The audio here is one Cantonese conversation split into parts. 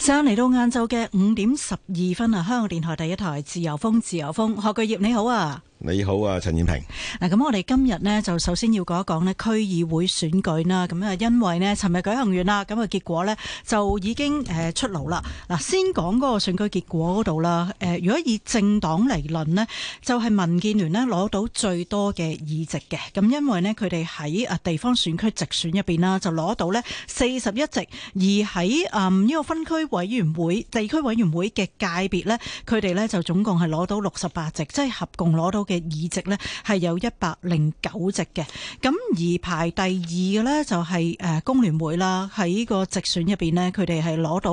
歡迎嚟到晏晝嘅五點十二分啊！香港電台第一台自由風，自由風，學句業你好啊！你好啊，陳燕平。嗱，咁我哋今日呢，就首先要講一講呢區議會選舉啦。咁啊，因為呢，尋日舉行完啦，咁啊，結果呢，就已經誒出爐啦。嗱，先講嗰個選舉結果嗰度啦。誒，如果以政黨嚟論呢，就係民建聯呢攞到最多嘅議席嘅。咁因為呢，佢哋喺啊地方選區直選入邊啦，就攞到呢四十一席，而喺啊呢個分區委員會、地區委員會嘅界別呢，佢哋呢就總共係攞到六十八席，即係合共攞到。嘅議席呢係有一百零九席嘅，咁而排第二嘅呢，就係誒工聯會啦，喺個直選入邊呢，佢哋係攞到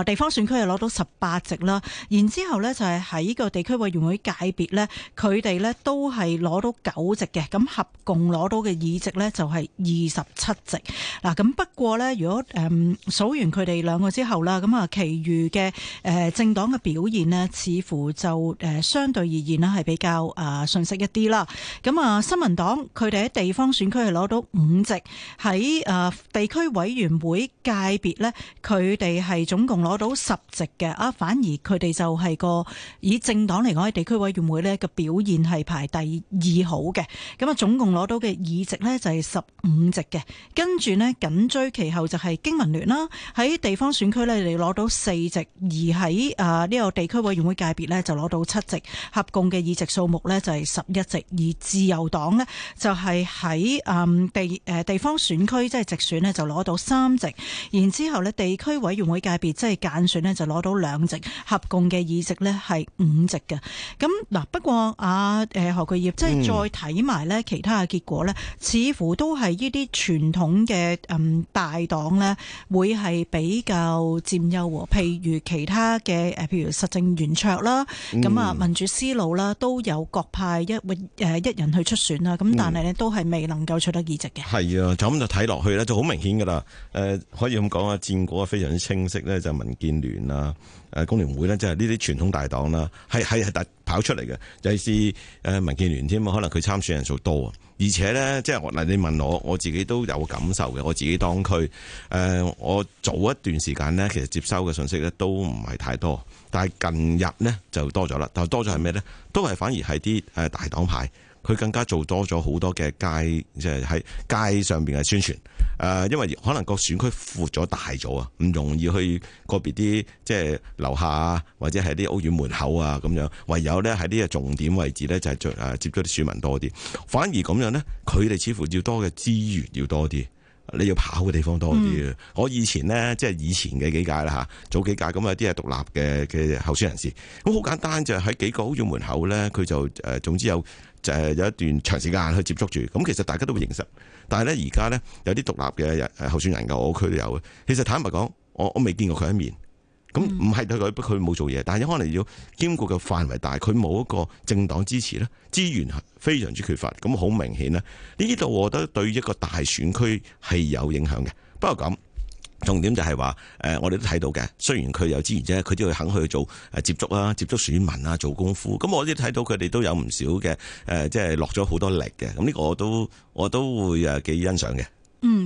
誒地方選區係攞到十八席啦，然之後呢，就係喺個地區委員會界別呢，佢哋呢都係攞到九席嘅，咁合共攞到嘅議席呢，就係二十七席。嗱，咁不過呢，如果誒數完佢哋兩個之後啦，咁啊，其餘嘅誒政黨嘅表現呢，似乎就誒相對而言呢係比較。啊，信息一啲啦，咁啊，新民黨佢哋喺地方選區係攞到五席，喺、啊、地區委員會界別咧，佢哋係總共攞到十席嘅，啊，反而佢哋就係個以政黨嚟講，喺地區委員會咧嘅表現係排第二好嘅，咁啊總共攞到嘅議席咧就係十五席嘅，跟住咧緊追其後就係經民聯啦，喺地方選區咧你攞到四席，而喺啊呢、這個地區委員會界別咧就攞到七席，合共嘅議席數目呢。呢就係十一席，而自由黨呢就係喺嗯地誒、呃、地方選區即係直選呢就攞到三席，然之後呢地區委員會界別即係間選呢就攞到兩席，合共嘅議席呢係五席嘅。咁嗱，不過啊誒、呃、何巨業即係再睇埋呢其他嘅結果呢，嗯、似乎都係、嗯、呢啲傳統嘅嗯大黨呢會係比較佔優喎。譬如其他嘅誒，譬如實政圓桌啦，咁、嗯、啊民主思路啦，都有。各派一或誒一人去出選啦，咁但係咧都係未能夠取得議席嘅。係、嗯、啊，就咁就睇落去咧就好明顯㗎啦。誒，可以咁講啊，戰果啊非常之清晰咧，就係、民建聯啊。誒工聯會呢，即係呢啲傳統大黨啦，係係係大跑出嚟嘅，尤其是誒民建聯添啊，可能佢參選人數多啊，而且呢，即係嗱，你問我，我自己都有感受嘅，我自己當區誒，我早一段時間呢，其實接收嘅信息呢都唔係太多，但係近日呢，就多咗啦，但係多咗係咩呢？都係反而係啲誒大黨派。佢更加做多咗好多嘅街，即係喺街上邊嘅宣傳。誒、呃，因為可能個選區闊咗大咗啊，唔容易去個別啲即係樓下啊，或者係啲屋苑門口啊咁樣。唯有咧喺啲啊重點位置咧，就係接觸啲市民多啲。反而咁樣咧，佢哋似乎要多嘅資源要多啲，你要跑嘅地方多啲。我、嗯、以前咧，即係以前嘅幾屆啦吓，早幾屆咁有啲係獨立嘅嘅候選人士咁好簡單，就喺幾個屋苑門口咧，佢就誒，總之有。就係有一段長時間去接觸住，咁其實大家都會認識。但係咧，而家咧有啲獨立嘅候選人嘅，我區都有嘅。其實坦白講，我我未見過佢一面。咁唔係對佢，佢冇做嘢。但係可能要兼顧嘅範圍大，佢冇一個政黨支持咧，資源非常之缺乏。咁好明顯呢，呢度我覺得對一個大選區係有影響嘅。不過咁。重點就係話，誒，我哋都睇到嘅，雖然佢有資源啫，佢都要肯去做誒接觸啊、接觸選民啊，做功夫。咁我亦睇到佢哋都有唔少嘅誒，即係落咗好多力嘅。咁、這、呢個我都我都會誒幾欣賞嘅。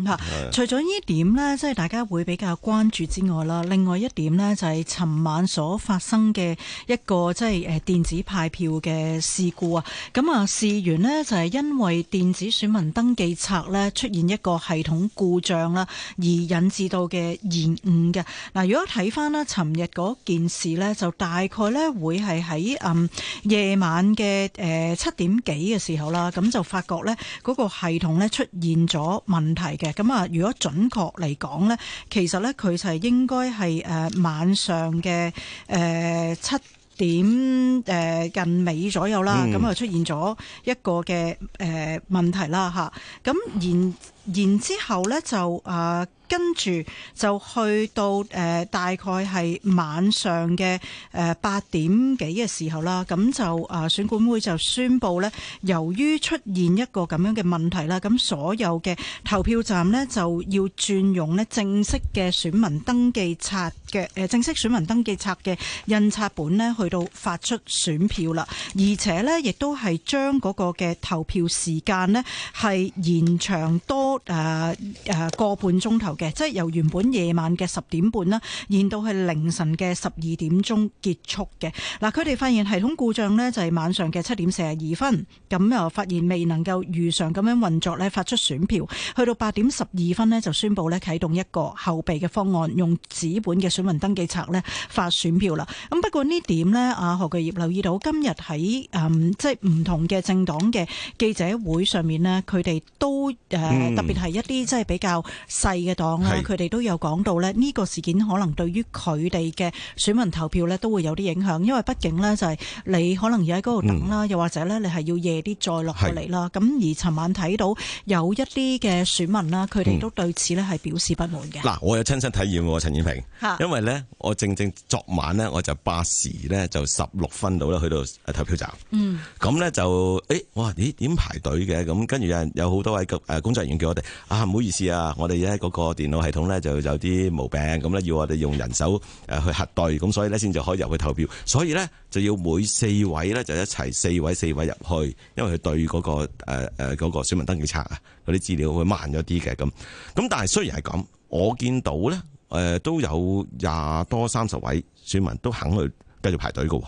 吓，除咗呢點咧，即係大家會比較關注之外啦，另外一點咧就係尋晚所發生嘅一個即係誒電子派票嘅事故啊！咁啊，事源咧就係因為電子選民登記冊咧出現一個系統故障啦，而引致到嘅延誤嘅。嗱，如果睇翻啦尋日嗰件事咧，就大概咧會係喺嗯夜晚嘅誒七點幾嘅時候啦，咁就發覺咧嗰個系統咧出現咗問題嘅。咁啊，如果準確嚟講咧，其實咧佢就係應該係誒、呃、晚上嘅誒、呃、七點誒、呃、近尾左右啦，咁、嗯、啊出現咗一個嘅誒、呃、問題啦吓，咁然，然之後咧就啊跟住就去到誒大概係晚上嘅誒八點幾嘅時候啦，咁就啊選管會就宣布咧，由於出現一個咁樣嘅問題啦，咁所有嘅投票站咧就要轉用咧正式嘅選民登記冊嘅誒正式選民登記冊嘅印刷本咧去到發出選票啦，而且咧亦都係將嗰個嘅投票時間咧係延長多。誒、呃、誒，個、呃、半鐘頭嘅，即係由原本夜晚嘅十點半啦，延到去凌晨嘅十二點鐘結束嘅。嗱，佢哋發現系統故障呢，就係、是、晚上嘅七點四十二分，咁又發現未能夠如常咁樣運作呢，發出選票。去到八點十二分呢，就宣布呢，啟動一個後備嘅方案，用紙本嘅選民登記冊呢，發選票啦。咁不過呢點呢，阿何巨業留意到今日喺誒即係唔同嘅政黨嘅記者會上面呢，佢哋都誒。呃嗯特別係一啲即係比較細嘅黨啦，佢哋都有講到呢個事件可能對於佢哋嘅選民投票呢都會有啲影響，因為畢竟呢，就係你可能要喺嗰度等啦、嗯，又或者呢，你係要夜啲再落嚟啦。咁而尋晚睇到有一啲嘅選民啦，佢哋都對此呢、嗯、係表示不滿嘅。嗱，我有親身體驗喎，陳燕平，因為呢，我正正昨晚呢，我就八時呢，就十六分到啦，去到投票站，咁、嗯、呢，就誒哇咦點排隊嘅？咁跟住有好多位工作人員叫我。我哋，啊，唔好意思啊，我哋咧嗰個電腦系統咧就有啲毛病，咁咧要我哋用人手誒去核對，咁所以咧先至就可以入去投票。所以咧就要每四位咧就一齊四位四位入去，因為佢對嗰、嗰個誒誒嗰個選民登記冊啊嗰啲資料會慢咗啲嘅。咁咁但係雖然係咁，我見到咧誒、呃、都有廿多三十位選民都肯去繼續排隊喎。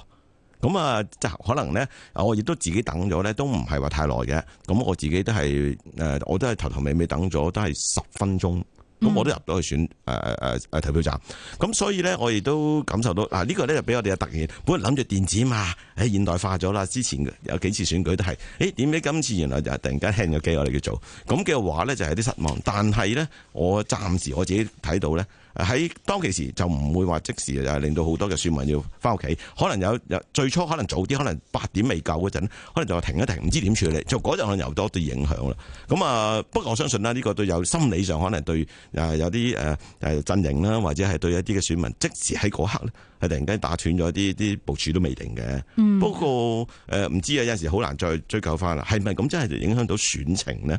咁啊，就可能咧，我亦都自己等咗咧，都唔係話太耐嘅。咁我自己都係我都係頭頭尾尾等咗，都係十分鐘。咁我都入到去選誒誒、呃、投票站。咁所以咧，我亦都感受到嗱，呢、啊呢個咧就俾我哋嘅突然，本嚟諗住電子嘛，喺、哎、現代化咗啦。之前有幾次選舉都係，誒點解今次原來就突然間聽咗機我哋要做。咁嘅話咧就係有啲失望。但係咧，我暫時我自己睇到咧。喺當其時就唔會話即時就係令到好多嘅選民要翻屋企，可能有有最初可能早啲，可能八點未夠嗰陣，可能就停一停，唔知點處理。就嗰陣可能又多啲影響啦。咁啊，不過我相信啦，呢個對有心理上可能對有啲誒陣營啦，或者係對一啲嘅選民，即時喺嗰刻呢，係突然間打斷咗啲啲部署都未定嘅、嗯呃。不過誒唔知啊，有陣時好難再追究翻啦。係咪係咁真係影響到選情呢？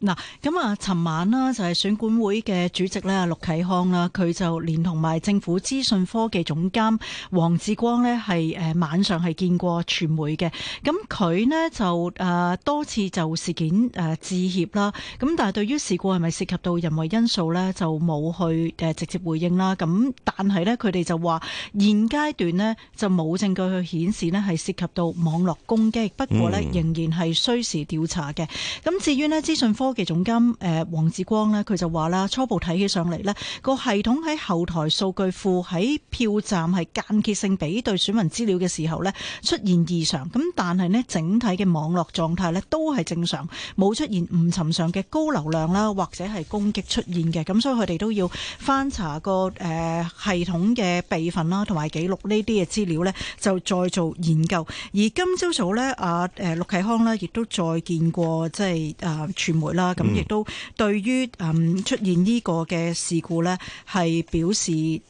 嗱、嗯，咁啊，尋晚啦就係、是、選管會嘅主席咧，陸啟康啦，佢就連同埋政府資訊科技總監黃志光咧，係誒、呃、晚上係見過傳媒嘅。咁佢咧就誒、呃、多次就事件誒、呃、致歉啦。咁但係對於事故係咪涉及到人為因素咧，就冇去誒、呃、直接回應啦。咁但係咧，佢哋就話現階段咧就冇證據去顯示咧係涉及到網絡攻擊。不過咧、嗯、仍然係需時調查嘅。咁至於咧資訊。科技總監誒黃志光咧，佢就話啦，初步睇起上嚟咧，個系統喺後台數據庫喺票站係間歇性比對選民資料嘅時候咧出現異常，咁但係咧整體嘅網絡狀態咧都係正常，冇出現唔尋常嘅高流量啦，或者係攻擊出現嘅，咁所以佢哋都要翻查個誒系統嘅備份啦同埋記錄呢啲嘅資料咧，就再做研究。而今朝早咧啊誒陸啟康咧亦都再見過，即係誒傳媒。啦、嗯，咁亦都對於誒出現呢個嘅事故咧，係表示誒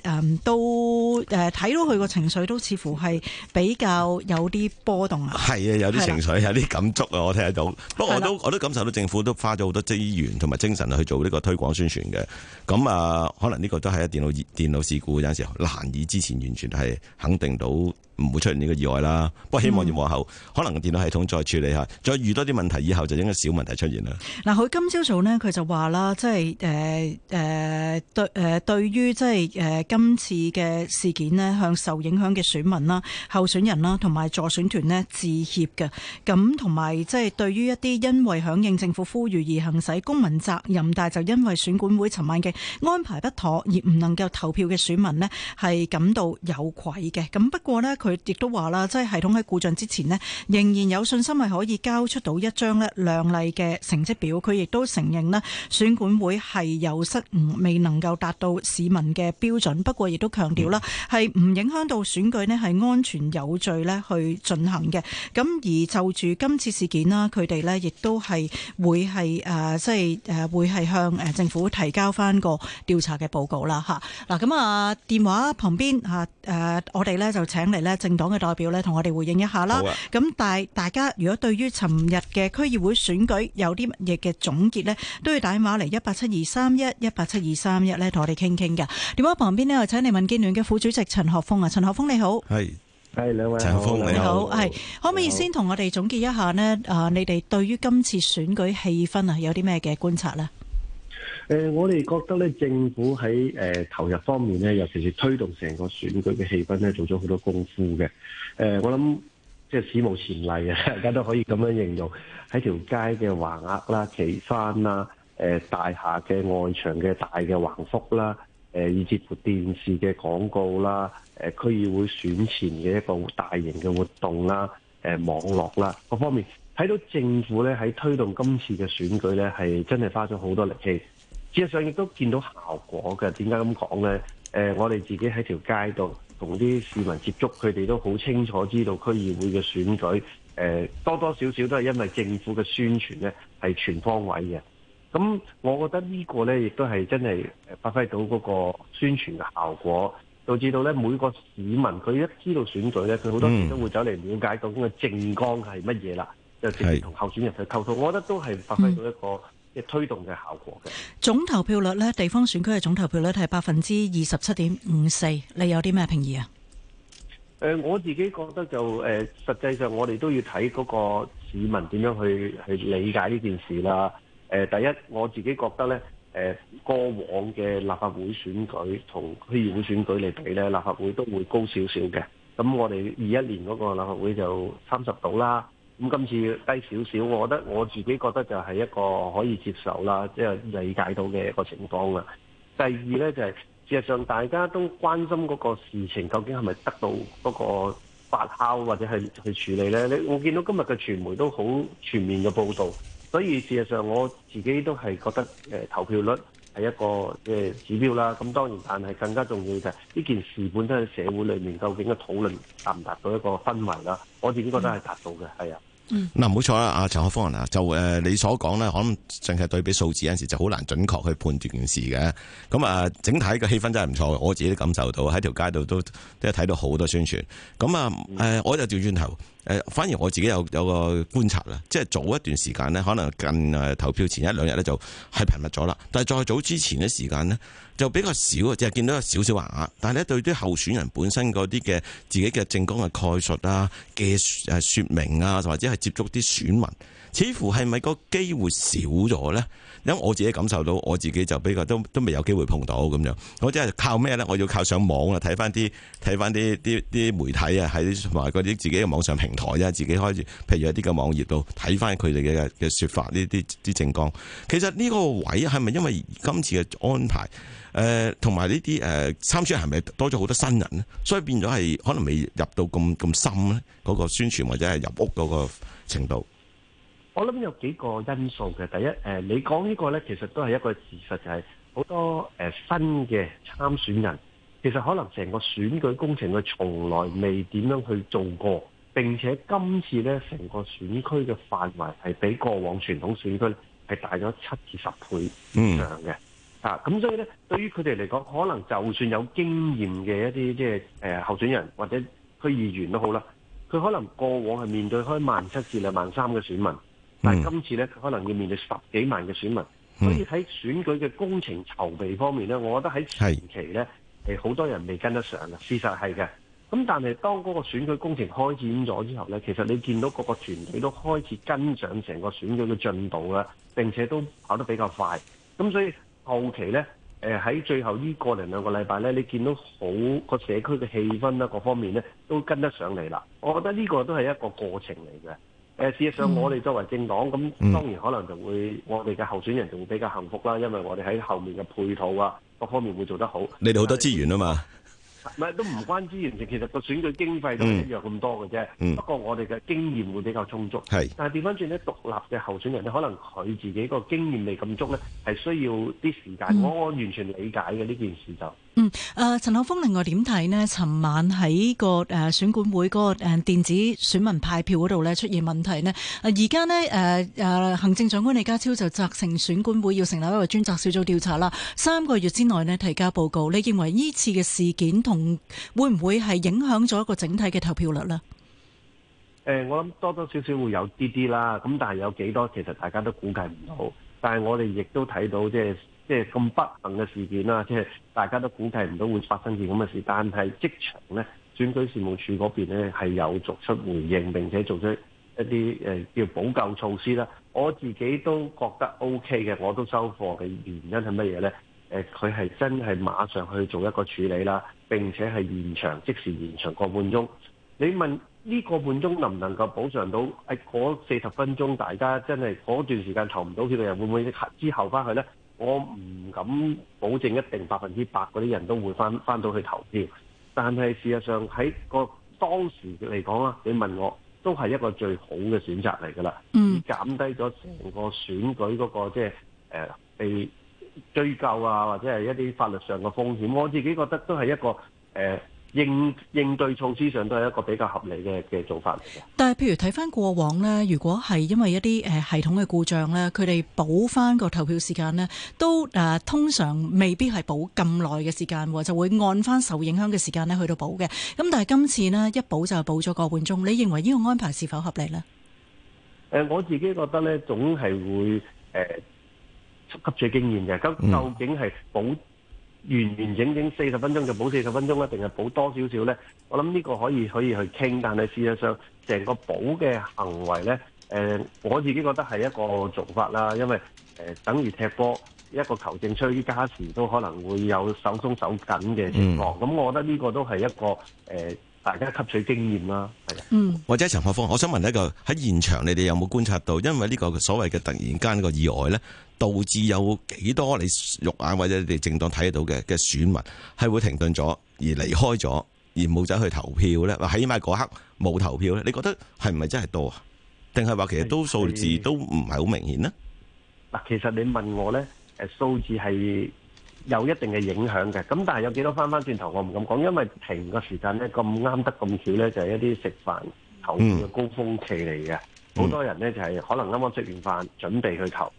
都誒睇到佢個情緒都似乎係比較有啲波動啊。係啊，有啲情緒，有啲感觸啊。我聽得到，不過我都我都感受到政府都花咗好多資源同埋精神去做呢個推廣宣傳嘅。咁啊，可能呢個都係一電腦電腦事故，有陣時難以之前完全係肯定到。唔會出現呢個意外啦，不過希望要往後可能電腦系統再處理下，再遇多啲問題以後就應該少問題出現啦。嗱，佢今朝早呢，佢就話、是、啦，即係誒誒對誒、呃、對於即係誒今次嘅事件呢，向受影響嘅選民啦、候選人啦同埋助選團呢致歉嘅。咁同埋即係對於一啲因為響應政府呼籲而行使公民責任，但係就因為選管會尋晚嘅安排不妥而唔能夠投票嘅選民呢，係感到有愧嘅。咁不過呢。佢亦都話啦，即係系統喺故障之前咧，仍然有信心係可以交出到一張咧亮麗嘅成績表。佢亦都承認呢選管會係有失誤，未能夠達到市民嘅標準，不過亦都強調啦，係唔影響到選舉咧係安全有序咧去進行嘅。咁而就住今次事件啦，佢哋咧亦都係會係誒即係誒會係向誒政府提交翻個調查嘅報告啦吓，嗱咁啊電話旁邊啊誒我哋咧就請嚟咧。政黨嘅代表咧，同我哋回應一下啦。咁大、啊、大家如果對於尋日嘅區議會選舉有啲乜嘢嘅總結呢，都要打電話嚟，一八七二三一一八七二三一咧，同我哋傾傾㗎。電話旁邊呢，我請你民建聯嘅副主席陳學鋒啊，陳學鋒你好，係係兩位陳學鋒你好，係可唔可以先同我哋總結一下呢？啊，你哋對於今次選舉氣氛啊，有啲咩嘅觀察呢？呃、我哋覺得咧，政府喺、呃、投入方面咧，尤其是推動成個選舉嘅氣氛咧，做咗好多功夫嘅、呃。我諗即係史無前例啊！大家都可以咁樣形容喺條街嘅橫額啦、旗幡啦、呃、大廈嘅外牆嘅大嘅橫幅啦、呃、以至乎電視嘅廣告啦、誒、呃、區議會選前嘅一個大型嘅活動啦、呃、網絡啦各方面，睇到政府咧喺推動今次嘅選舉咧，係真係花咗好多力氣。事實上亦都見到效果嘅，點解咁講呢？誒、呃，我哋自己喺條街度同啲市民接觸，佢哋都好清楚知道區議會嘅選舉，誒、呃、多多少少都係因為政府嘅宣傳咧係全方位嘅。咁我覺得呢個呢，亦都係真係發發揮到嗰個宣傳嘅效果，導致到呢每個市民佢一知道選舉呢，佢好多時都會走嚟了解到咁嘅、嗯這個、政綱係乜嘢啦，就直接同候選人去溝通，我覺得都係發揮到一個。嗯推動嘅效果嘅，總投票率咧，地方選區嘅總投票率係百分之二十七點五四。你有啲咩評議啊？誒、呃，我自己覺得就誒、呃，實際上我哋都要睇嗰個市民點樣去去理解呢件事啦。誒、呃，第一，我自己覺得咧，誒、呃，過往嘅立法會選舉同區議會選舉嚟比咧，立法會都會高少少嘅。咁我哋二一年嗰個立法會就三十度啦。咁今次低少少，我覺得我自己覺得就係一個可以接受啦，即係理解到嘅一個情況啦。第二呢，就係，事實上大家都關心嗰個事情究竟係咪得到嗰個發酵或者係去處理呢？你我見到今日嘅傳媒都好全面嘅報導，所以事實上我自己都係覺得誒投票率係一個嘅指標啦。咁當然，但係更加重要就係呢件事本身喺社會裏面究竟嘅討論達唔達到一個氛圍啦？我自己覺得係達到嘅，係啊。嗱、嗯，唔好錯啦，阿陳學鋒啊，就誒，你所講咧，可能淨係對比數字嗰陣時就好難準確去判斷件事嘅。咁啊，整體嘅氣氛真係唔錯，我自己都感受到，喺條街度都都睇到好多宣傳。咁啊，誒，我就調轉頭。誒，反而我自己有有個觀察啦，即係早一段時間咧，可能近誒投票前一兩日呢就係頻密咗啦。但係再早之前嘅時間呢，就比較少啊，即係見到有少少人額。但係咧，對啲候選人本身嗰啲嘅自己嘅政綱嘅概述啊、嘅説明啊，或者係接觸啲選民，似乎係咪個機會少咗呢？因為我自己感受到，我自己就比較都都未有機會碰到咁樣。我即係靠咩呢？我要靠上網啊，睇翻啲睇翻啲啲啲媒體啊，係同埋嗰啲自己嘅網上平台啊，自己開始，譬如一啲嘅網頁度睇翻佢哋嘅嘅說法，呢啲啲政綱。其實呢個位係咪因為今次嘅安排？誒、呃，同埋呢啲誒參選人係咪多咗好多新人呢，所以變咗係可能未入到咁咁深呢、嗰個宣傳或者係入屋嗰個程度。我諗有幾個因素嘅，第一誒，你講呢個咧，其實都係一個事實，就係、是、好多誒、呃、新嘅參選人，其實可能成個選舉工程佢從來未點樣去做過。並且今次咧，成個選區嘅範圍係比過往傳統選區咧係大咗七至十倍以上嘅。嗯、啊，咁所以咧，對於佢哋嚟講，可能就算有經驗嘅一啲即係誒候選人或者區議員都好啦，佢可能過往係面對開萬七至兩萬三嘅選民，嗯、但係今次咧，佢可能要面對十幾萬嘅選民。所以喺選舉嘅工程籌備方面咧，我覺得喺前期咧係好多人未跟得上嘅。事實係嘅。咁但係當嗰個選舉工程開展咗之後呢，其實你見到各個團隊都開始跟上成個選舉嘅進度啦，並且都跑得比較快。咁所以後期呢，喺最後呢個零兩個禮拜呢，你見到好個社區嘅氣氛啦，各方面呢都跟得上嚟啦。我覺得呢個都係一個過程嚟嘅。事實上我哋作為政黨，咁、嗯、當然可能就會我哋嘅候選人就會比較幸福啦，因為我哋喺後面嘅配套啊各方面會做得好。你哋好多資源啊嘛～唔係都唔關資源，其實個選舉經費都一樣咁多嘅啫。不過我哋嘅經驗會比較充足。嗯、但係調翻轉咧，獨立嘅候選人咧，可能佢自己個經驗未咁足咧，係需要啲時間。我、嗯、我完全理解嘅呢件事就。嗯，誒、呃、陳學鋒，另外點睇呢？尋晚喺、嗰個誒、呃、選管會嗰個誒電子選民派票嗰度咧出現問題呢，而家、呃、呢，誒、呃、誒行政長官李家超就責成選，選管會要成立一個專責小組調查啦，三個月之內呢，提交報告。你認為呢次嘅事件同會唔會係影響咗一個整體嘅投票率呢？呃，誒，我諗多多少少會有啲啲啦，咁但係有幾多其實大家都估計唔到，但係我哋亦都睇到即係。即係咁不幸嘅事件啦，即係大家都估計唔到會發生件咁嘅事。但係即場呢，選舉事務處嗰邊呢，係有作出回應，並且做出一啲誒、呃、叫補救措施啦。我自己都覺得 O K 嘅，我都收貨嘅原因係乜嘢呢？佢、呃、係真係馬上去做一個處理啦，並且係延長即時延長個半鐘。你問呢個半鐘能唔能夠保障到誒嗰四十分鐘？大家真係嗰段時間投唔到票嘅人會唔會之後翻去呢？我唔敢保證一定百分之百嗰啲人都會翻翻到去投票，但係事實上喺個當時嚟講啦，你問我都係一個最好嘅選擇嚟㗎啦。嗯，減低咗成個選舉嗰個、那個即係、就是呃、被追究啊，或者係一啲法律上嘅風險。我自己覺得都係一個、呃應應對措施上都係一個比較合理嘅嘅做法。但係，譬如睇翻過往呢，如果係因為一啲誒系統嘅故障呢，佢哋補翻個投票時間呢，都誒、啊、通常未必係補咁耐嘅時間，就會按翻受影響嘅時間呢去到補嘅。咁但係今次呢，一補就係補咗個半鐘，你認為呢個安排是否合理呢？誒、嗯，我自己覺得呢，總係會誒吸取經驗嘅。咁究竟係補，完完整整四十分鐘就補四十分鐘啊，定係補多少少呢？我諗呢個可以可以去傾，但係事實上成個補嘅行為呢，誒、呃、我自己覺得係一個做法啦，因為、呃、等於踢波一個球證出於加時都可能會有手鬆手緊嘅情況，咁、mm. 我覺得呢個都係一個誒。呃大家吸取經驗啦，嗯，或者陳學鋒，我想問一個喺現場，你哋有冇觀察到？因為呢個所謂嘅突然間個意外咧，導致有幾多你肉眼或者你哋正當睇到嘅嘅選民係會停頓咗而離開咗而冇走去投票咧？或起碼嗰刻冇投票咧？你覺得係唔係真係多啊？定係話其實都數字都唔係好明顯咧？嗱，其實你問我咧，誒，數字係。有一定嘅影響嘅，咁但係有幾多翻翻轉頭，我唔敢講，因為停嘅時間咧咁啱得咁少咧，就係、是、一啲食飯投票嘅高峰期嚟嘅，好、嗯、多人咧就係、是、可能啱啱食完飯，準備去投，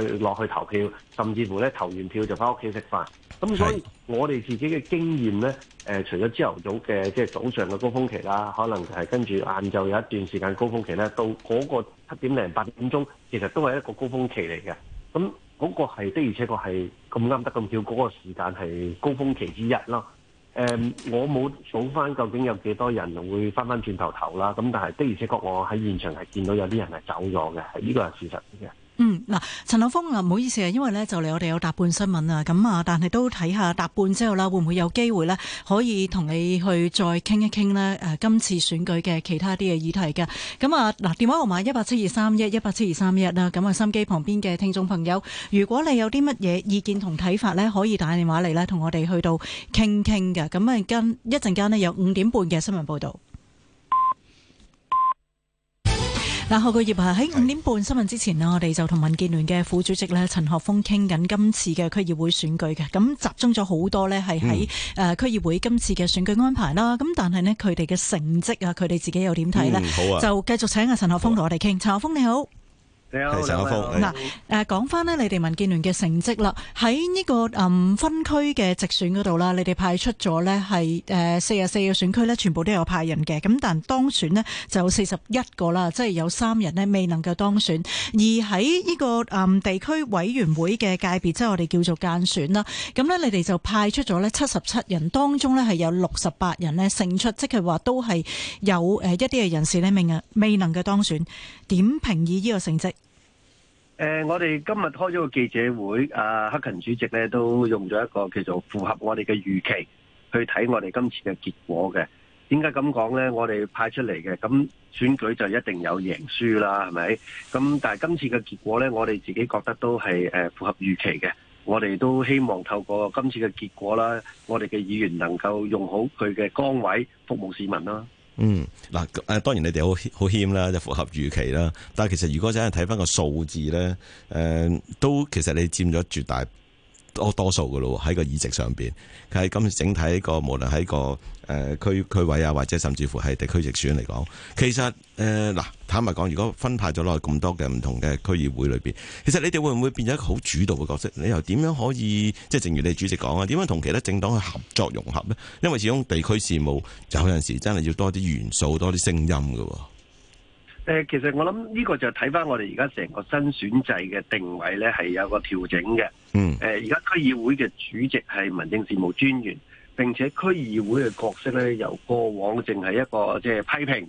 去落去投票，甚至乎咧投完票就翻屋企食飯。咁所以我哋自己嘅經驗咧、呃，除咗朝頭早嘅即係早上嘅、就是、高峰期啦，可能係跟住晏晝有一段時間高峰期咧，到嗰個七點零八點鐘，其實都係一個高峰期嚟嘅，咁。嗰個係的而且確係咁啱得咁巧，嗰個時間係高峰期之一咯。誒，我冇數翻究竟有幾多人會翻翻轉頭投啦。咁但係的而且確，我喺現場係見到有啲人係走咗嘅，呢個係事實嘅。嗯，嗱，陳學鋒啊，唔好意思啊，因為呢就嚟我哋有搭半新聞啊，咁啊，但係都睇下搭半之後啦，會唔會有機會呢？可以同你去再傾一傾呢誒，今次選舉嘅其他啲嘅議題㗎。咁啊，嗱，電話號碼一八七二三一一八七二三一啦，咁啊，心機旁邊嘅聽眾朋友，如果你有啲乜嘢意見同睇法呢，可以打電話嚟呢，同我哋去到傾傾嘅，咁啊，跟一陣間呢，有五點半嘅新聞報道。嗱，何個葉啊，喺五點半新聞之前咧，我哋就同民建聯嘅副主席咧陳學鋒傾緊今次嘅區議會選舉嘅，咁集中咗好多咧，係喺誒區議會今次嘅選舉安排啦。咁、嗯、但係呢，佢哋嘅成績啊，佢哋自己又點睇呢？就繼續請阿陳學鋒同我哋傾、啊。陳學鋒，你好。係陳學鋒嗱，誒講翻咧，你哋民建聯嘅成績啦，喺呢個誒分區嘅直選嗰度啦，你哋派出咗咧係誒四十四個選區呢全部都有派人嘅，咁但當選呢，就有四十一個啦，即係有三人呢未能夠當選，而喺呢個誒地區委員會嘅界別，即係我哋叫做間選啦，咁呢，你哋就派出咗呢七十七人當中呢係有六十八人呢勝出，即係話都係有誒一啲嘅人士呢未未能夠當選，點評以呢個成績。誒、呃，我哋今日開咗個記者會，阿、啊、克勤主席咧都用咗一個叫做符合我哋嘅預期去睇我哋今次嘅結果嘅。點解咁講呢？我哋派出嚟嘅，咁選舉就一定有贏輸啦，係咪？咁但係今次嘅結果呢，我哋自己覺得都係誒、呃、符合預期嘅。我哋都希望透過今次嘅結果啦，我哋嘅議員能夠用好佢嘅崗位服務市民啦。嗯，嗱，誒，當然你哋好好謙啦，就符合預期啦。但係其實如果真係睇翻個數字咧，誒、呃，都其實你佔咗絕大。多多數噶咯，喺個議席上邊，喺今次整體一個無論喺個誒區區位啊，或者甚至乎係地區直選嚟講，其實誒嗱、呃，坦白講，如果分派咗落去咁多嘅唔同嘅區議會裏邊，其實你哋會唔會變咗一個好主導嘅角色？你又點樣可以即係？正如你主席講啊，點樣同其他政黨去合作融合呢？因為始終地區事務就有陣時真係要多啲元素，多啲聲音噶。誒、呃，其實我諗呢個就睇翻我哋而家成個新選制嘅定位呢係有個調整嘅。嗯。而家區議會嘅主席係民政事務專員，並且區議會嘅角色呢，由過往淨係一個即係、就是、批評、誒、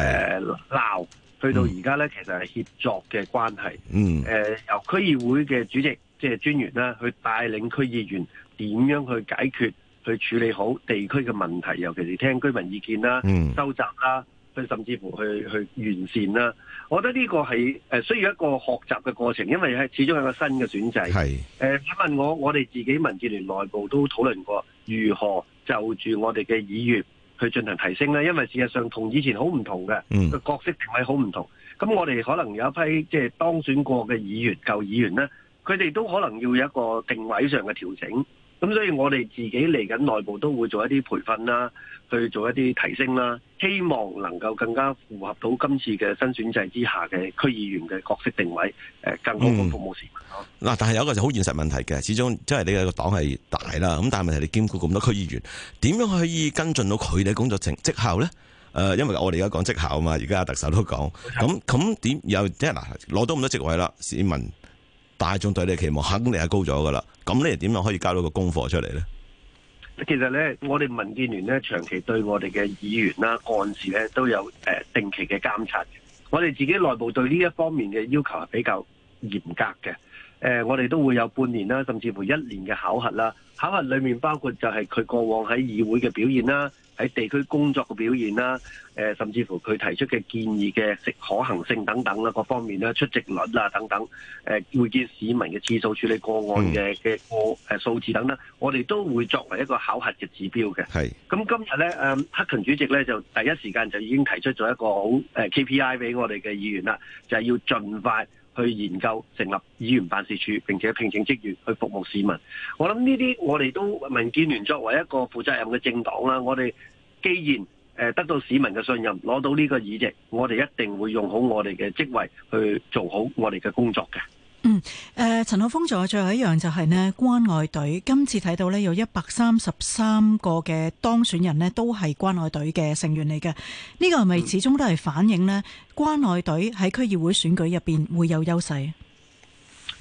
呃、鬧，去到而家呢、嗯，其實係協作嘅關係。嗯。呃、由區議會嘅主席即係專員啦，去帶領區議員點樣去解決、去處理好地區嘅問題，尤其是聽居民意見啦、啊嗯、收集啦、啊。佢甚至乎去去完善啦、啊，我覺得呢個係誒、呃、需要一個學習嘅過程，因為係始終係一個新嘅選制。係誒，你、呃、問我，我哋自己民建聯內部都討論過如何就住我哋嘅議員去進行提升啦、啊，因為事實上同以前好唔同嘅、嗯、角色定位好唔同。咁我哋可能有一批即係、就是、當選過嘅議員舊議員咧，佢哋都可能要有一個定位上嘅調整。咁所以我哋自己嚟緊內部都會做一啲培訓啦、啊。去做一啲提升啦，希望能夠更加符合到今次嘅新選制之下嘅區議員嘅角色定位，誒，更好嘅服務市民。嗱、嗯，但係有一個就好現實問題嘅，始終即係你個黨係大啦，咁但係問題是你兼顧咁多區議員，點樣可以跟進到佢哋嘅工作成績效咧？誒、呃，因為我哋而家講績效啊嘛，而家特首都講，咁咁點有即係嗱，攞到咁多職位啦，市民大眾對你嘅期望肯定係高咗噶啦，咁你哋點樣可以交到個功課出嚟咧？其實咧，我哋民建聯咧，長期對我哋嘅議員啦、幹事咧，都有誒、呃、定期嘅監察。我哋自己內部對呢一方面嘅要求係比較嚴格嘅。誒、呃，我哋都會有半年啦，甚至乎一年嘅考核啦。考核裏面包括就係佢過往喺議會嘅表現啦。喺地區工作嘅表現啦，誒、呃、甚至乎佢提出嘅建議嘅可行性等等啦，各方面啦，出席率啊等等，誒、呃、會見市民嘅次數、處理個案嘅嘅個誒、呃、數字等等，我哋都會作為一個考核嘅指標嘅。係。咁今日咧，誒克勤主席咧就第一時間就已經提出咗一個好誒 KPI 俾我哋嘅議員啦，就係、是、要盡快。去研究成立議員辦事處，並且聘請職員去服務市民。我諗呢啲我哋都民建聯作為一個負責任嘅政黨啦，我哋既然誒得到市民嘅信任，攞到呢個議席，我哋一定會用好我哋嘅職位去做好我哋嘅工作嘅。嗯，誒、呃，陳學鋒，仲有最後一樣就係咧，關愛隊今次睇到咧，有一百三十三個嘅當選人咧都係關愛隊嘅成員嚟嘅。呢、這個係咪始終都係反映咧關愛隊喺區議會選舉入邊會有優勢？誒、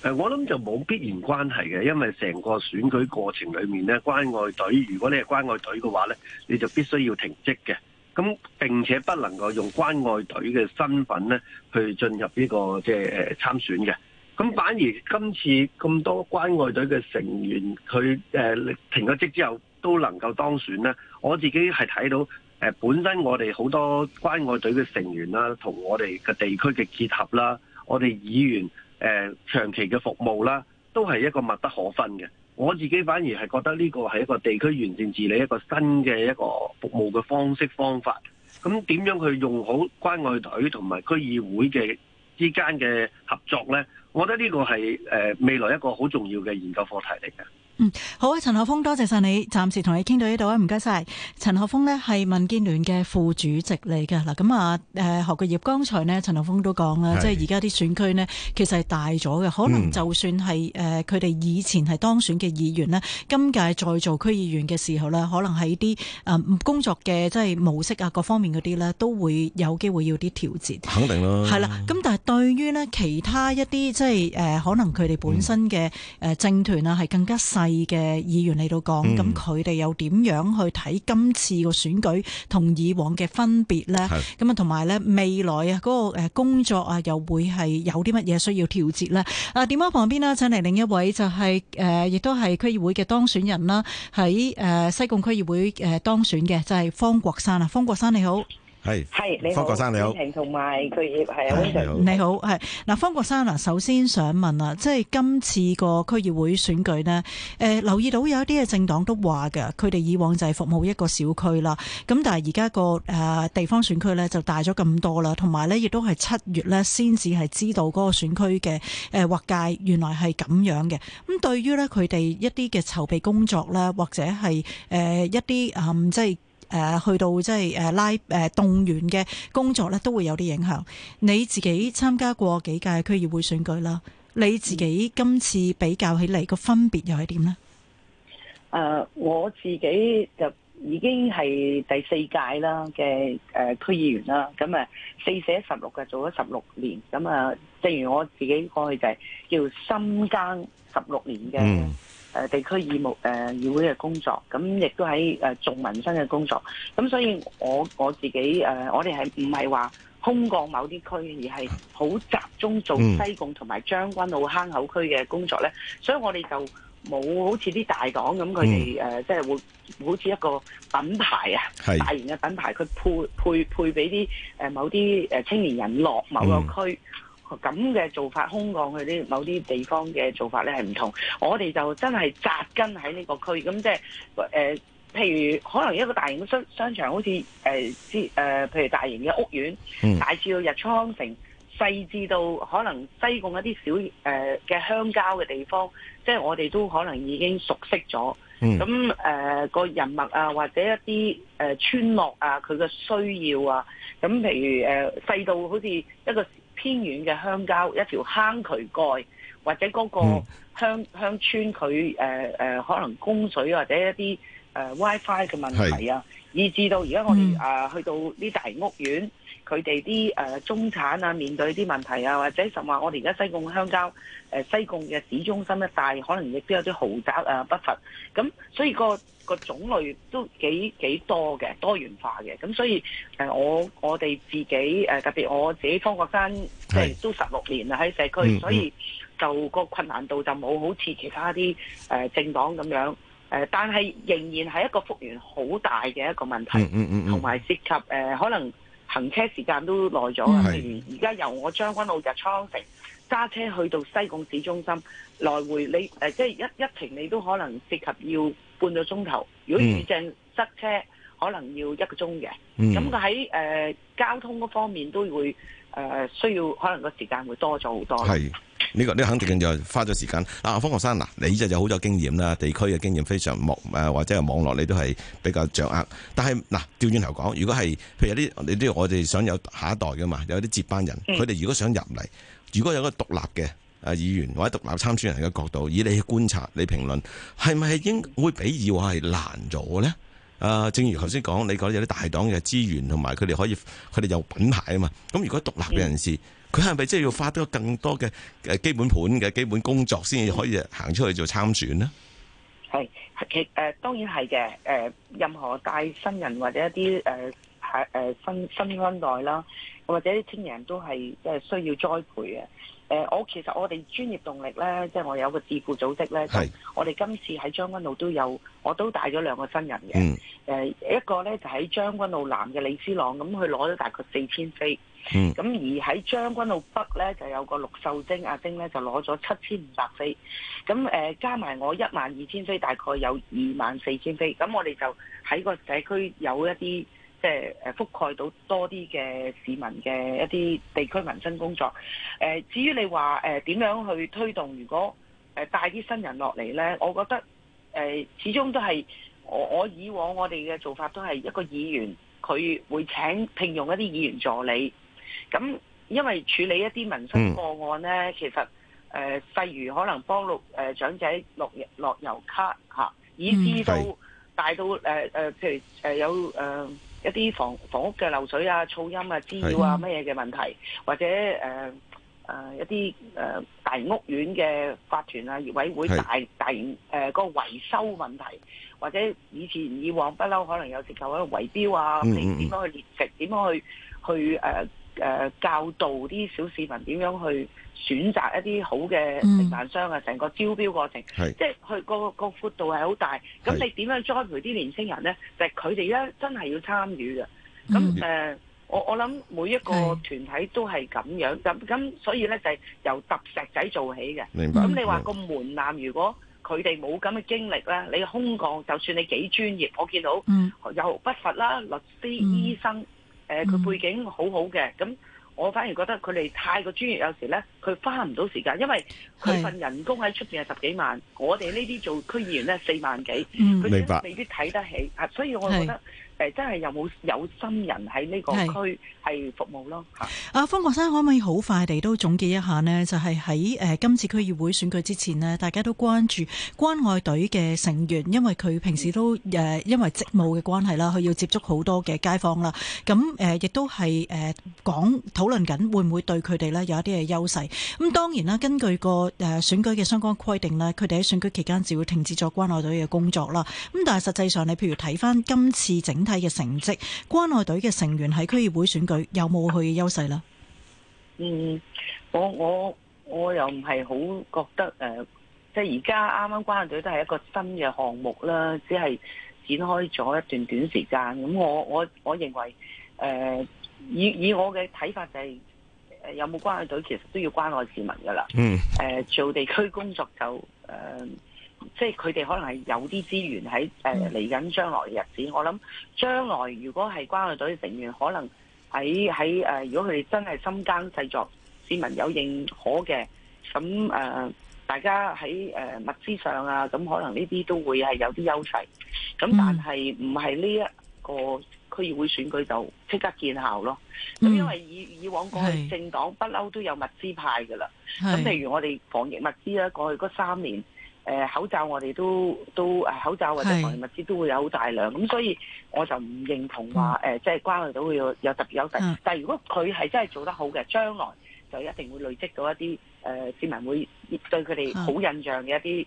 嗯，我諗就冇必然關係嘅，因為成個選舉過程裏面咧關愛隊如果你係關愛隊嘅話咧，你就必須要停職嘅，咁並且不能夠用關愛隊嘅身份咧去進入呢、這個即係參選嘅。咁反而今次咁多關愛隊嘅成員，佢誒、呃、停咗職之後都能夠當選咧。我自己係睇到誒、呃、本身我哋好多關愛隊嘅成員啦，同我哋嘅地區嘅結合啦，我哋議員誒、呃、長期嘅服務啦，都係一個密不可分嘅。我自己反而係覺得呢個係一個地區完善治理一個新嘅一個服務嘅方式方法。咁點樣去用好關愛隊同埋區議會嘅之間嘅合作咧？我覺得呢個係誒未來一個好重要嘅研究課題嚟嘅。好啊，陳學鋒，多謝晒你，暫時同你傾到呢度啊，唔該晒。陳學鋒呢係民建聯嘅副主席嚟嘅，嗱咁啊，誒，何國業剛才呢，陳學鋒都講啦，即係而家啲選區呢，其實係大咗嘅，可能就算係誒佢哋以前係當選嘅議員呢，嗯，今屆再做區議員嘅時候呢，可能喺啲誒工作嘅即係模式啊，各方面嗰啲呢，都會有機會要啲調節。肯定啦。係啦，咁但係對於呢其他一啲即係誒可能佢哋本身嘅誒政團啊係更加細。嘅議員嚟到講，咁佢哋又點樣去睇今次個選舉同以往嘅分別呢？咁啊，同埋咧未來啊，嗰個工作啊，又會係有啲乜嘢需要調節呢？啊，電話旁邊呢，請嚟另一位就係、是、誒，亦都係區議會嘅當選人啦，喺誒、呃、西貢區議會誒當選嘅，就係、是、方國山方國珊。啊，方國珊，你好。係，係方國珊你好，同埋區議會陳學鋒你好，係嗱方國珊嗱，首先想問啊，即係今次個區議會選舉呢，誒、呃、留意到有一啲嘅政黨都話嘅，佢哋以往就係服務一個小區啦，咁但係而家個誒地方選區咧就大咗咁多啦，同埋咧亦都係七月咧先至係知道嗰個選區嘅誒劃界原來係咁樣嘅，咁對於呢，佢哋一啲嘅籌備工作呢，或者係誒一啲、呃、即係。誒、啊，去到即係誒拉誒、啊、動員嘅工作咧，都會有啲影響。你自己參加過幾屆區議會選舉啦？你自己今次比較起嚟，個分別又係點呢？誒、啊，我自己就已經係第四屆啦嘅誒區議員啦。咁啊，四四十六嘅，做咗十六年。咁啊，正如我自己過去就係、是、叫深耕十六年嘅。嗯誒、呃、地區義務誒、呃、議會嘅工作，咁、呃、亦都喺誒做民生嘅工作，咁、呃、所以我我自己誒、呃，我哋係唔係話空降某啲區，而係好集中做西貢同埋將軍澳坑口區嘅工作咧，所以我哋就冇好似啲大黨咁佢哋誒，即係、嗯呃就是、會好似一個品牌啊，大型嘅品牌，佢配配配俾啲、呃、某啲青年人落某個區。嗯咁嘅做法，空降去啲某啲地方嘅做法咧係唔同。我哋就真係扎根喺呢個區，咁即係誒、呃、譬如可能一個大型嘅商商場，好似誒即誒譬如大型嘅屋苑，嗯、大至到日出康城，細至到可能西貢一啲小誒嘅鄉郊嘅地方，即係我哋都可能已經熟悉咗。咁誒個人脈啊，或者一啲誒、呃、村落啊，佢嘅需要啊，咁譬如誒、呃、細到好似一個。偏遠嘅鄉郊，一條坑渠蓋，或者嗰個鄉鄉村佢誒誒，可能供水或者一啲誒、呃、WiFi 嘅問題啊。以至到而家我哋誒、嗯啊、去到啲大屋苑，佢哋啲誒中產啊面對啲問題啊，或者甚至話我哋而家西貢鄉郊、啊、西貢嘅市中心一帶可能亦都有啲豪宅啊不乏，咁所以個個種類都幾幾多嘅多元化嘅，咁所以、啊、我我哋自己、啊、特別我自己方國珊即係都十六年啦喺社區、嗯，所以就個困難度就冇好似其他啲誒、啊、政黨咁樣。呃、但係仍然係一個復原好大嘅一個問題，同、嗯、埋、嗯嗯、涉及、呃、可能行車時間都耐咗。譬如而家由我將軍澳日出康城揸車去到西貢市中心來回你，你、呃、即係一一停你都可能涉及要半個鐘頭。如果遇正塞車，可能要一個鐘嘅。咁佢喺交通嗰方面都會。誒，需要可能個時間會多咗好多。係、這、呢個呢，肯定就花咗時間。阿、啊、方學生嗱，你就就好有多經驗啦，地區嘅經驗非常網誒，或者係網絡，你都係比較掌握。但係嗱，調轉頭講，如果係譬如有啲，你要我哋想有下一代噶嘛，有啲接班人，佢、嗯、哋如果想入嚟，如果有個獨立嘅誒議員或者獨立參選人嘅角度，以你去觀察、你評論，係咪應會比以往係難咗呢？啊，正如頭先講，你覺得有啲大黨嘅資源同埋佢哋可以，佢哋有品牌啊嘛。咁如果獨立嘅人士，佢係咪即係要花多更多嘅基本盤嘅基本工作先至可以行出去做參選呢？係，誒、呃、當然係嘅。誒、呃、任何帶新人或者一啲誒係誒新新生代啦，或者啲青年都係即係需要栽培嘅。誒，我其實我哋專業動力咧，即係我有個智庫組織咧，就我哋今次喺將軍澳都有，我都帶咗兩個新人嘅。誒、嗯，一個咧就喺將軍澳南嘅李思朗，咁佢攞咗大概四千飛。咁、嗯、而喺將軍澳北咧就有個陸秀晶阿晶咧就攞咗七千五百飛。咁誒加埋我一萬二千飛，大概有二萬四千飛。咁我哋就喺個社區有一啲。即、就、係、是、覆蓋到多啲嘅市民嘅一啲地區民生工作。誒、呃，至於你話誒點樣去推動？如果誒帶啲新人落嚟呢？我覺得、呃、始終都係我我以往我哋嘅做法都係一個議員佢會請聘用一啲議員助理。咁因為處理一啲民生個案呢，嗯、其實誒譬、呃、如可能幫六誒、呃、長者落入落油卡嚇、啊，以至到、嗯、帶到誒誒、呃呃、譬如有誒。呃呃一啲房房屋嘅漏水啊、噪音啊、滋擾啊、乜嘢嘅問題，或者誒、呃呃、一啲誒、呃、大型屋苑嘅法團啊、業委會大大型、呃那個維修問題，或者以前以往不嬲可能有涉及到一個圍標啊，咁你點樣去列席，點、嗯、樣去去誒、呃呃、教導啲小市民點樣去選擇一啲好嘅承辦商啊，成、嗯、個招標過程，是即係佢、那個、那個闊度係好大。咁你點樣栽培啲年青人呢？就係佢哋咧真係要參與嘅。咁誒、嗯呃，我我諗每一個團體都係咁樣。咁、嗯、咁，所以呢，就係、是、由揼石仔做起嘅。明白。咁你話個門檻，如果佢哋冇咁嘅經歷呢，你嘅空降，就算你幾專業，我見到有不乏啦，律師、嗯、醫生，誒、呃、佢、嗯、背景很好好嘅，咁。我反而覺得佢哋太過專業，有時咧佢花唔到時間，因為佢份人工喺出邊係十幾萬，我哋呢啲做區議員咧四萬幾，佢、嗯、未必睇得起，啊，所以我覺得。真係有冇有心人喺呢個區係服務咯、啊？方國珊可唔可以好快地都總結一下呢？就係、是、喺今次區議會選舉之前呢，大家都關注關愛隊嘅成員，因為佢平時都因為職務嘅關係啦，佢要接觸好多嘅街坊啦。咁、啊、亦、啊、都係誒講討論緊會唔會對佢哋呢有一啲嘅優勢。咁、啊、當然啦，根據個誒選舉嘅相關規定呢，佢哋喺選舉期間就會停止咗關愛隊嘅工作啦。咁、啊、但係實際上你譬如睇翻今次整體嘅成績，關愛隊嘅成員喺區議會選舉有冇佢嘅優勢咧？嗯，我我我又唔係好覺得誒、呃，即係而家啱啱關愛隊都係一個新嘅項目啦，只係展開咗一段短時間。咁我我我認為誒、呃，以以我嘅睇法就係誒，有冇關愛隊其實都要關愛市民噶啦。嗯。誒、呃，做地區工作就誒。呃即係佢哋可能係有啲資源喺、呃、嚟緊將來嘅日子，我諗將來如果係關愛隊成員，可能喺喺、呃、如果佢哋真係心間製作，市民有認可嘅，咁、呃、大家喺、呃、物資上啊，咁可能呢啲都會係有啲優勢。咁但係唔係呢一個區議會選舉就即刻見效咯。咁因為以、嗯、以往過去政黨不嬲都有物資派噶啦，咁譬如我哋防疫物資啦，過去嗰三年。誒口罩我哋都都誒口罩或者防疫物資都會有好大量。咁所以我就唔認同話、嗯、即係關愛到會有有特別優勢，嗯、但係如果佢係真係做得好嘅，將來，就一定會累積到一啲誒市民會對佢哋好印象嘅一啲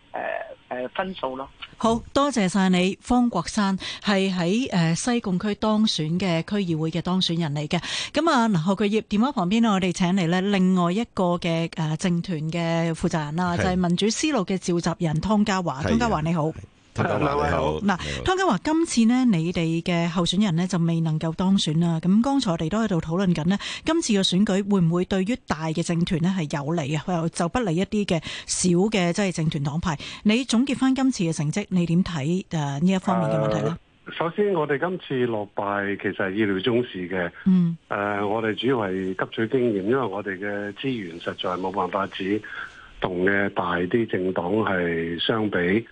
誒誒分數咯。好多謝晒你，方國珊係喺誒西貢區當選嘅區議會嘅當選人嚟嘅。咁啊，然後佢接電話旁邊呢，我哋請嚟咧另外一個嘅誒政團嘅負責人啊，就係民主思路嘅召集人湯家驊。湯家驊你好。大家好。嗱、嗯，湯家驊，今次呢，你哋嘅候選人呢，就未能夠當選啦。咁剛才我哋都喺度討論緊呢，今次嘅選舉會唔會對於大嘅政團呢係有利啊？又就不利一啲嘅小嘅即係政團黨派？你總結翻今次嘅成績，你點睇誒呢一方面嘅問題呢、啊？首先，我哋今次落敗，其實係意料中事嘅。嗯。誒、啊，我哋主要係吸取經驗，因為我哋嘅資源實在冇辦法，只同嘅大啲政黨係相比。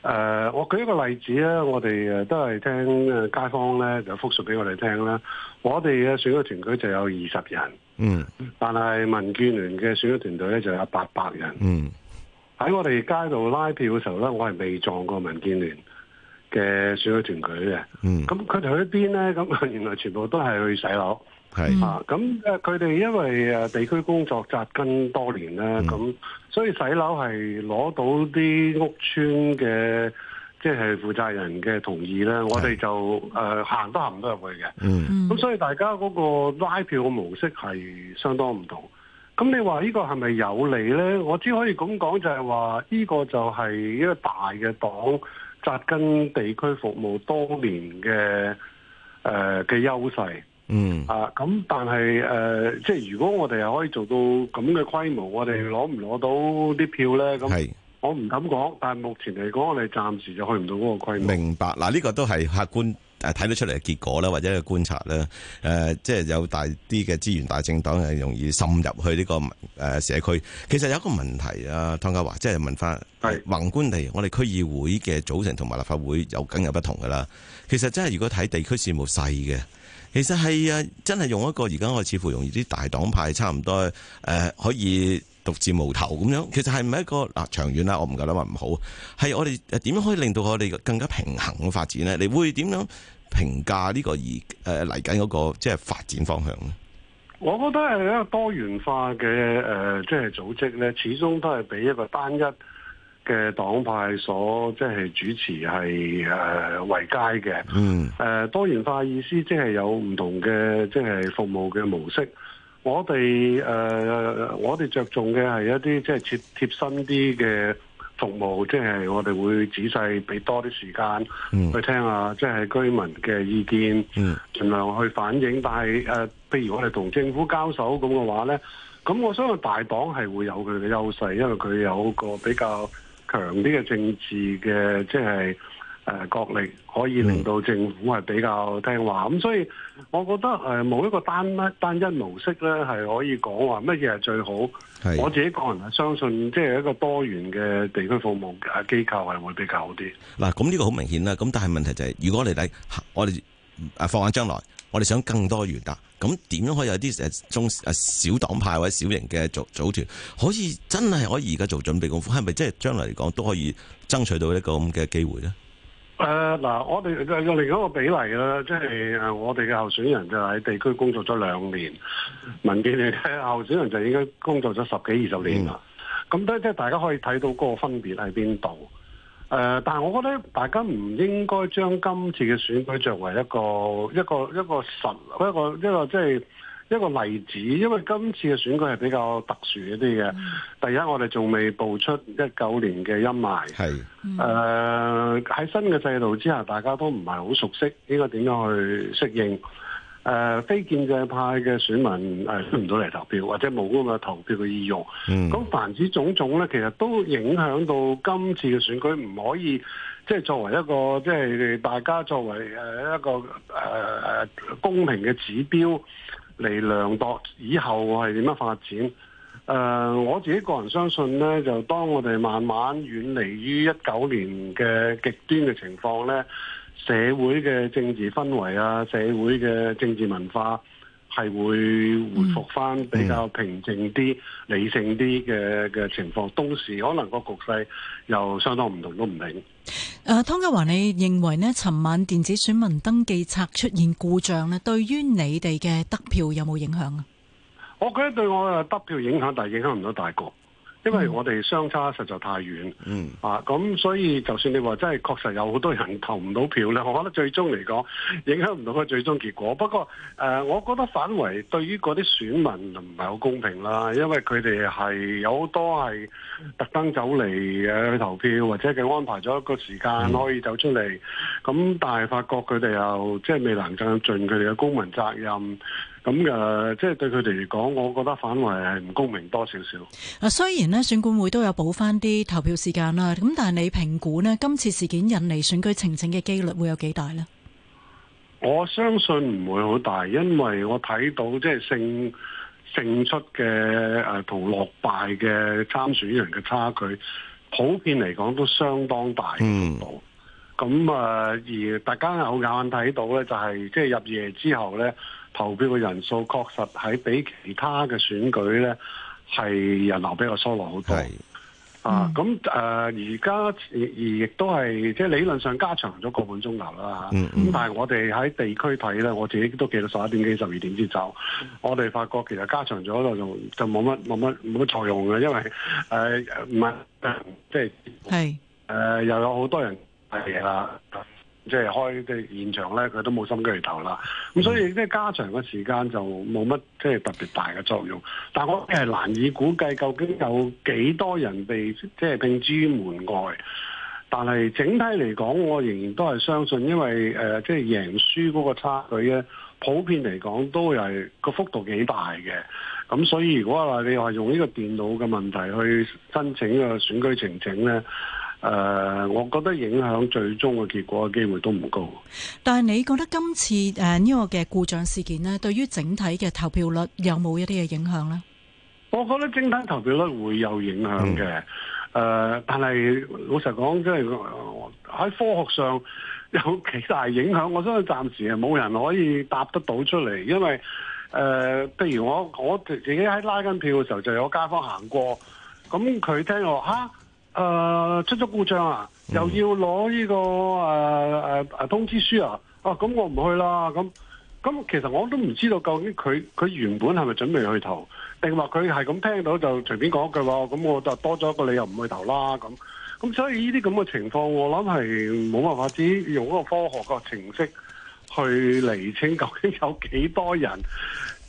誒、呃，我舉一個例子啦，我哋誒都係聽誒街坊咧就複述俾我哋聽啦。我哋嘅選舉團隊就有二十人，嗯，但係民建聯嘅選舉團隊咧就有八百人，嗯，喺我哋街度拉票嘅時候咧，我係未撞過民建聯嘅選舉團隊嘅，嗯，咁佢哋去邊咧？咁原來全部都係去洗樓。係啊，咁、嗯、誒，佢哋因為誒地區工作紮根多年啦，咁、嗯、所以洗樓係攞到啲屋村嘅即係負責人嘅同意咧，我哋就誒、呃、行都行唔到入去嘅。嗯，咁所以大家嗰個拉票嘅模式係相當唔同。咁你話呢個係咪有利咧？我只可以咁講，就係話呢個就係一個大嘅黨紮根地區服務多年嘅誒嘅優勢。呃嗯啊，咁但係誒、呃，即係如果我哋又可以做到咁嘅規模，我哋攞唔攞到啲票咧？咁我唔敢講，但係目前嚟講，我哋暫時就去唔到嗰個規模。明白嗱，呢、啊這個都係客觀誒睇得出嚟嘅結果啦，或者嘅觀察啦。誒、呃，即係有大啲嘅資源大政黨係容易滲入去呢個誒社區。其實有一個問題啊，湯家驊即係問翻係宏觀嚟，我哋區議會嘅組成同埋立法會有梗有不同噶啦。其實真係如果睇地區事務細嘅。其實係啊，真係用一個而家我似乎容易啲大黨派差唔多誒、呃，可以獨自無頭咁樣。其實係唔係一個嗱、啊、長遠啦，我唔覺得話唔好。係我哋點樣可以令到我哋更加平衡嘅發展呢？你會點樣評價呢個而誒嚟緊嗰個即係、就是、發展方向咧？我覺得係一個多元化嘅誒，即、呃、係、就是、組織咧，始終都係畀一個單一。嘅黨派所即係、就是、主持係誒、呃、為佳嘅，誒、呃、多元化意思即係有唔同嘅即係服務嘅模式。我哋誒、呃、我哋着重嘅係一啲即係貼貼身啲嘅服務，即、就、係、是、我哋會仔細俾多啲時間去聽下，即、就、係、是、居民嘅意見，盡量去反映。但係誒、呃，譬如我哋同政府交手咁嘅話咧，咁我相信大黨係會有佢嘅優勢，因為佢有個比較強啲嘅政治嘅，即係誒角力可以令到政府係比較聽話，咁、嗯、所以我覺得誒冇一個單一單一模式咧係可以講話乜嘢係最好。我自己個人係相信，即係一個多元嘅地區服務嘅機構係會比較好啲。嗱，咁呢個好明顯啦。咁但係問題就係、是，如果你睇，我哋放眼將來。我哋想更多元噶，咁點樣可以有啲誒中誒小黨派或者小型嘅組組團，可以真係可以而家做準備功夫，係咪即係將來嚟講都可以爭取到一個咁嘅機會咧？誒、呃、嗱，我哋用另一個比例啦，即係誒我哋嘅候，候選人就喺地區工作咗兩年，民建聯嘅候選人就已經工作咗十幾二十年啦。咁都即係大家可以睇到嗰個分別喺邊度。誒、呃，但係我覺得大家唔應該將今次嘅選舉作為一個一個一個實一個一個,一個即係一個例子，因為今次嘅選舉係比較特殊一啲嘅、嗯。第一，我哋仲未步出一九年嘅陰霾，係喺、呃、新嘅制度之下，大家都唔係好熟悉應該點樣去適應。誒、呃、非建制派嘅選民誒出唔到嚟投票，或者冇咁嘅投票嘅意欲。咁、嗯、凡此種種咧，其實都影響到今次嘅選舉，唔可以即係、就是、作為一個即係、就是、大家作為一個、呃呃、公平嘅指標嚟量度以後係點樣發展、呃。我自己個人相信咧，就當我哋慢慢遠離於一九年嘅極端嘅情況咧。社會嘅政治氛圍啊，社會嘅政治文化係會回復翻比較平靜啲、嗯嗯、理性啲嘅嘅情況。當時可能個局勢又相當唔同，都唔明。誒、啊，湯家驊，你認為呢？尋晚電子選民登記冊出現故障呢，對於你哋嘅得票有冇影響啊？我覺得對我嘅得票影響，但係影響唔到大局。因為我哋相差實在太遠，嗯啊，咁所以就算你話真係確實有好多人投唔到票咧，我覺得最終嚟講影響唔到佢最終結果。不過、呃、我覺得反為對於嗰啲選民唔係好公平啦，因為佢哋係有好多係特登走嚟去投票，或者佢安排咗一個時間可以走出嚟，咁、嗯、但係發覺佢哋又即係未能盡盡佢哋嘅公民責任。咁、嗯、誒、呃，即係對佢哋嚟講，我覺得反為係唔公平多少少。嗱，雖然咧選管會都有補翻啲投票時間啦，咁但係你評估咧，今次事件引嚟選舉呈請嘅幾率會有幾大咧？我相信唔會好大，因為我睇到即係勝勝出嘅誒同落敗嘅參選人嘅差距，普遍嚟講都相當大。到咁啊，而大家有眼睇到咧，就係、是、即係入夜之後咧。投票嘅人數確實係比其他嘅選舉咧，係人流比較疏落好多。啊，咁誒而家而亦都係即係理論上加長咗個半鐘頭啦，咁但係我哋喺地區睇咧，我自己都記得十一點幾、十二點先走，嗯。我哋發覺其實加長咗就就冇乜冇乜冇乜作用嘅，因為誒唔係即係誒又有好多人買嘢啦。即係開嘅現場咧，佢都冇心機嚟投啦。咁所以即係加長嘅時間就冇乜即係特別大嘅作用。但我係難以估計究竟有幾多人被即係摒諸門外。但係整體嚟講，我仍然都係相信，因為誒即係贏輸嗰個差距咧，普遍嚟講都係個幅度幾大嘅。咁所以如果話你話用呢個電腦嘅問題去申請呢個選舉呈請咧？誒、uh，我覺得影響最終嘅結果嘅機會都唔高。但係你覺得今次誒呢、uh, 個嘅故障事件呢，對於整體嘅投票率有冇一啲嘅影響呢？我覺得整體投票率會有影響嘅。誒、嗯，uh, 但係老實講，即係喺科學上有幾大影響，我相信暫時係冇人可以答得到出嚟。因為誒，uh, 譬如我我自己喺拉緊票嘅時候，就有個街坊行過，咁佢聽我吓。誒、呃、出咗故障啊，又要攞呢、這個誒誒、呃啊啊、通知書啊，啊咁我唔去啦，咁咁其實我都唔知道究竟佢佢原本係咪準備去投，定話佢係咁聽到就隨便講一句話，咁、哦、我就多咗一個理由唔去投啦，咁咁所以呢啲咁嘅情況，我諗係冇辦法啲用一個科學個程式去釐清究竟有幾多人，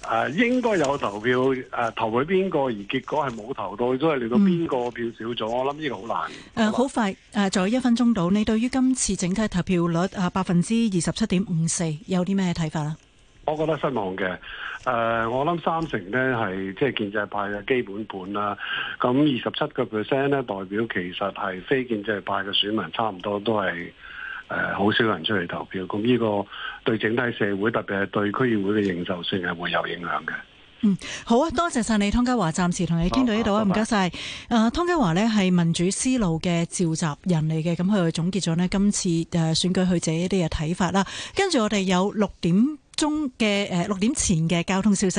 誒、啊、應該有投票誒、啊、投喺邊個，而結果係冇投到令到，都以嚟到邊個票少咗、嗯？我諗呢個好難。誒好、啊、好快誒，仲、啊、有一分鐘到。你對於今次整體投票率啊百分之二十七點五四有啲咩睇法咧？我覺得失望嘅。誒、啊，我諗三成呢係即係建制派嘅基本盤啦。咁二十七個 percent 呢代表其實係非建制派嘅選民，差唔多都係。誒、呃，好少人出嚟投票，咁呢個對整體社會，特別係對區議會嘅認受性係會有影響嘅。嗯，好啊，多謝晒你，湯家驊，暫時同你傾到呢度、哦、啊，唔該晒。誒、啊，湯家驊咧係民主思路嘅召集人嚟嘅，咁佢總結咗咧今次誒選舉佢自己一啲嘅睇法啦。跟住我哋有六點鐘嘅誒六點前嘅交通消息。